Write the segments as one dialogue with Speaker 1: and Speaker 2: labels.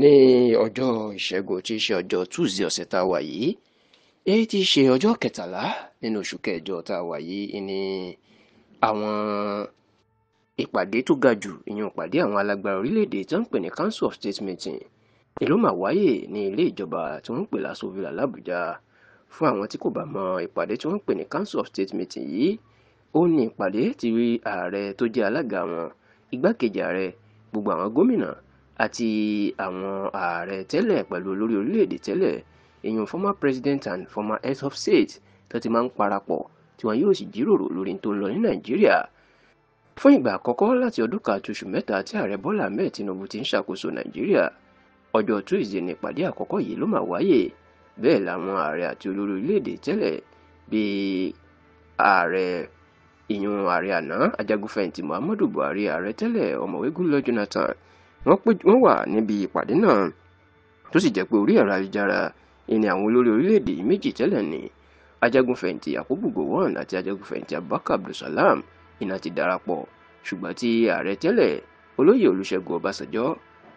Speaker 1: ní ọjọ́ ìṣẹ́gun tí í ṣe ọjọ́ tuesday ọ̀sẹ̀ tá a wà yìí èyí tí í ṣe ọjọ́ kẹtàlá nínú oṣù kẹjọ tá a wà yìí ni àwọn ìpàdé tó ga jù ìyẹn ìpàdé àwọn alágbára orílẹ̀-èdè tó ń pè ní council of state meeting ìlú mà wáyé ní ilé ìjọba tí wọ́n ń pè lásán villa làbújá fún àwọn tí kò bá mọ ìpàdé tí wọ́n ń pè ní council of state meeting yìí ó ní ìpàdé ti rí ààrẹ tó jẹ́ alága wọn igbákejì ààrẹ gbogbo àwọn gómìnà àti àwọn ààrẹ tẹ́lẹ̀ pẹ̀lú olórí orílẹ̀-èdè tẹ́lẹ̀ èèyàn former president and former heads of state tó ti máa ń parapọ̀ tí wọn yóò sì jíròrò lórí tó ń lọ ní nàìjíríà fún ìgbà àkọ́kọ́ láti ọdún kan àti oṣù mẹ́ta tí ààrẹ bọ́lá ahmed tinubu ti ń ṣàkóso nàìjíríà ọjọ́ tuesday ní ìpàdé àkọ́kọ́ yìí ló máa wáyé bẹ́ẹ̀ làwọn ààrẹ àti olórí orílẹ̀-èdè tẹ́lẹ̀ bíi ààrẹ ìyún ààrẹ àná ajagunfẹ̀yìntì muhammadu buhari ààrẹ tẹ́lẹ̀ ọ̀mọ̀wé goodluck jonathan wọ́n wà níbi ìpàdé náà tó sì jẹ́ pé orí ẹ̀rọ ayélujára ìní àwọn olórí orílẹ̀-èdè méjì tẹ́lẹ̀ ni ajagunfẹ̀yìntì Yakubu Gowon àti ajagunfẹ̀yìntì Abubakar Abdulsalam iná ti darapọ̀ ṣùgbọ́n tí ààrẹ tẹ́lẹ̀ olóyè Olúṣẹ́gun Ọbásanjọ́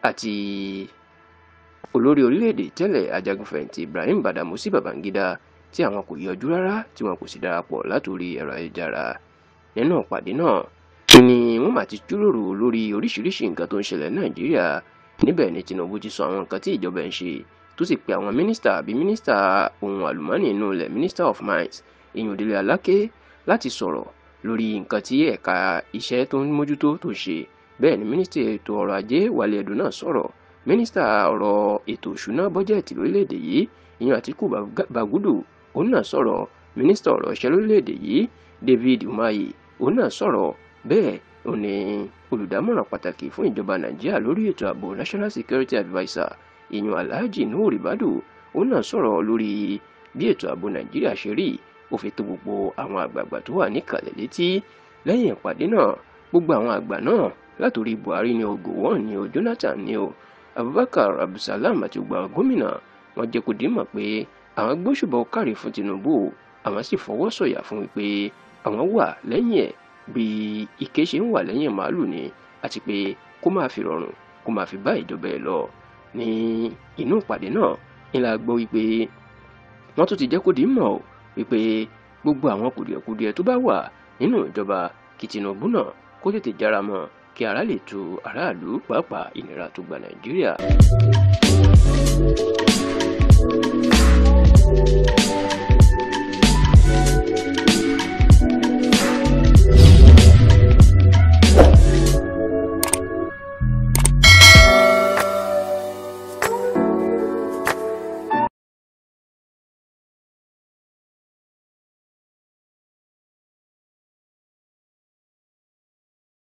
Speaker 1: àti olórí orílẹ̀-èdè tẹ́lẹ̀ ajagunfẹ̀yìntì Ibrahim Badamusi Babangida tí àwọn kò yọjú rárá tí wọn kò sì darapọ̀ látòrí ẹ̀rọ ayélujára nínú ìpàdé náà tún ní ọ̀hún mà ti jíròrò lórí oríṣiríṣi nǹkan tó ń ṣẹlẹ̀ nàìjíríà níbẹ̀ ni tinubu ti sọ àwọn nǹkan tí ìjọba ń ṣe tó sì pe àwọn mínísítà bíi mínísítà ohun àlùmọ́ọ́nì inú ilẹ̀ minister of mines èyàn òdìlẹ̀ aláké láti sọ̀rọ̀ lórí nǹkan tí ẹ̀ka iṣẹ́ tó ń mójútó tó ṣe bẹ́ẹ̀ ni mínísítà ètò ọrọ̀ ajé wálé ẹ̀dùn náà sọ̀rọ̀ mínísítà ọ̀rọ̀ ètò ìṣúná bọ́jẹ̀tì lórílẹ̀‐èdè yìí ìyẹn àtìkù bàgúdù òun náà sọ̀rọ̀ mínísítà ọ̀rọ̀ ìṣẹ́ lórílẹ̀‐èdè yìí david umahi òun náà sọ̀rọ̀ bẹ́ẹ̀ ó ní olùdámọ̀ràn pàtàkì fún ìjọba nàìjíríà lórí ètò ààbò national security adviser ìyún alhaji nuhu ribadu òun náà sọ̀rọ̀ lórí bí ètò ààbò nàìjíríà ṣe rí ó fi tó gbogbo àwọn àgbààgbà tó wà níkàlẹ̀ létí lẹ́yìn ìpàdé náà gbogbo àwọn àgbà náà látòrí buhari ni o gowon ni o jonathan ni o abubakar abdulsalam àti gbogbo àwọn gómìnà wọn jẹ́ kó dìímọ̀ pé àwọn gbóṣùbọ̀ kárí fún tinubu àwọn sì fọwọ́ sọ̀yà fún wípé àwọn wà lẹ́yìn ẹ̀ bí ike ṣe ń wà lẹ́yìn màálù ni àti pé kó máa fi rọrùn kó máa fi bá ìjọba ẹ̀ lọ ní inú ìpàdé náà ńlá gbọ́ wípé wọ́n tún ti jẹ́ kó di mọ̀ wípé gbogbo àwọn kùdìẹ̀kudiẹ tó bá wà nínú ìjọba kí Tinubu náà kó tètè jára mọ́ kí ara lè tu aráàlú pàápàá ìnira tó gba Nàìjíríà.